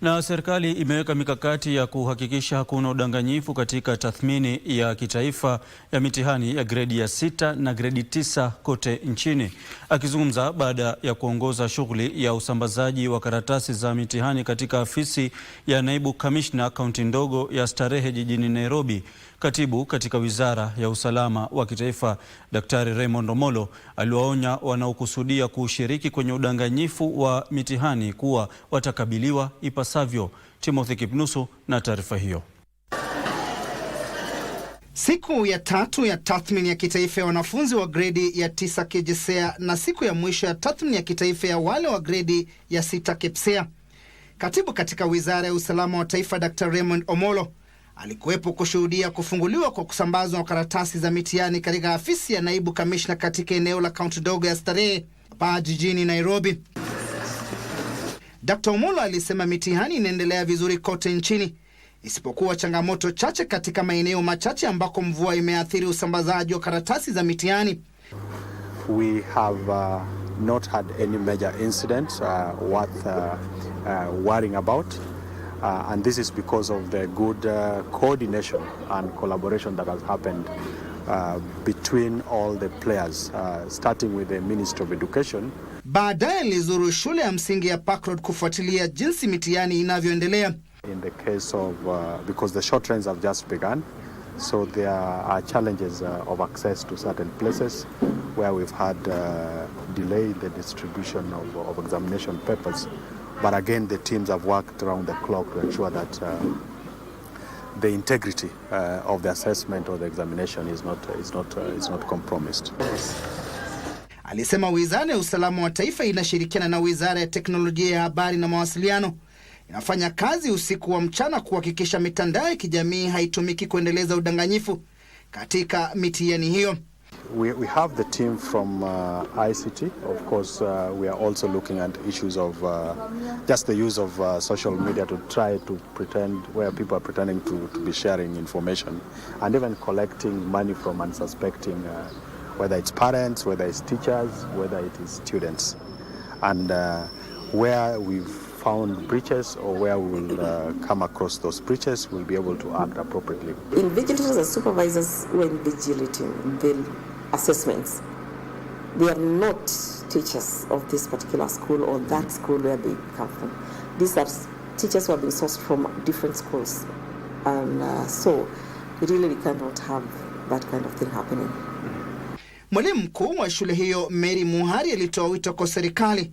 Na serikali imeweka mikakati ya kuhakikisha hakuna udanganyifu katika tathmini ya kitaifa ya mitihani ya gredi ya sita na gredi tisa kote nchini. Akizungumza baada ya kuongoza shughuli ya usambazaji wa karatasi za mitihani katika afisi ya naibu kamishna kaunti ndogo ya Starehe jijini Nairobi, katibu katika wizara ya usalama wa kitaifa Daktari Raymond omolo aliwaonya wanaokusudia kushiriki kwenye udanganyifu wa mitihani kuwa watakabiliwa ipasavyo ipasavyo. Timothy Kipnusu na taarifa hiyo. Siku ya tatu ya tathmini ya kitaifa ya wanafunzi wa gredi ya tisa KJSEA na siku ya mwisho ya tathmini ya kitaifa ya wale wa gredi ya sita KPSEA. Katibu katika Wizara ya Usalama wa Taifa Dr. Raymond Omolo alikuwepo kushuhudia kufunguliwa kwa kusambazwa karatasi za mitihani katika afisi ya naibu kamishna katika eneo la kaunti ndogo ya Starehe hapa jijini Nairobi. Dr. Omollo alisema mitihani inaendelea vizuri kote nchini isipokuwa changamoto chache katika maeneo machache ambako mvua imeathiri usambazaji wa karatasi za mitihani. We have, uh, not had any major incident uh, worth, uh, uh, worrying about. Uh, and this is because of the good, uh, coordination and collaboration that has happened uh, between all the players uh, starting with the Minister of Education. Baadaye alizuru shule ya msingi ya Park Road kufuatilia jinsi mitihani inavyoendelea. In the case of uh, because the short trains have just begun so there are challenges uh, of access to certain places where we've had uh, delay in the distribution of, of examination papers but again the teams have worked around the clock to ensure that uh, the integrity uh, of the assessment or the examination is not, is not, uh, is not compromised. Alisema Wizara ya Usalama wa Taifa inashirikiana na Wizara ya Teknolojia ya Habari na Mawasiliano inafanya kazi usiku wa mchana kuhakikisha mitandao ya kijamii haitumiki kuendeleza udanganyifu katika mitihani hiyo. We, we have the team from uh, ICT. Of course, uh, we are also looking at issues of uh, just the use of uh, social media to try to pretend where people are pretending to, to be sharing information and even collecting money from unsuspecting, uh, whether it's parents, whether it's teachers, whether it is students. And uh, where we've found breaches or where we will uh, come across those breaches, we'll be able to act appropriately. In vigilators and supervisors, when vigilating the assessments, they are not teachers of this particular school or that school where they come from. These are teachers who have been sourced from different schools. And uh, so, really we cannot have that kind of thing happening. Mwalimu mkuu wa shule hiyo Mary Muhari alitoa wito kwa serikali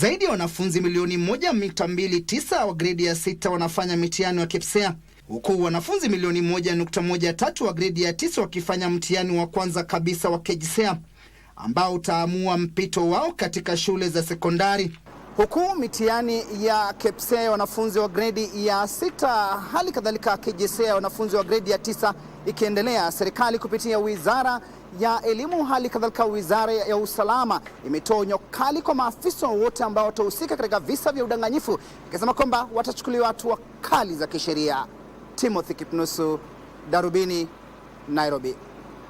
Zaidi ya wanafunzi milioni 1.29 wa gredi ya sita wanafanya mitihani wa KPSEA huku wanafunzi milioni tatu wa gredi ya tisa wakifanya mtihani wa kwanza kabisa wa KJSEA ambao utaamua mpito wao katika shule za sekondari. Huku mitihani ya KPSEA ya wanafunzi wa gredi ya sita hali kadhalika KJSEA ya wanafunzi wa gredi ya tisa ikiendelea, serikali kupitia wizara ya elimu, hali kadhalika wizara ya usalama imetoa onyo kali kwa maafisa wote ambao watahusika katika visa vya udanganyifu, ikisema kwamba watachukuliwa hatua kali za kisheria. Timothy Kipnusu, Darubini, Nairobi.